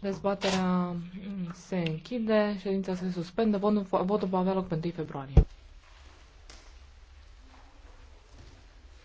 Dezbaterea se închide, ședința se suspendă, votul va avea loc pe 1 februarie.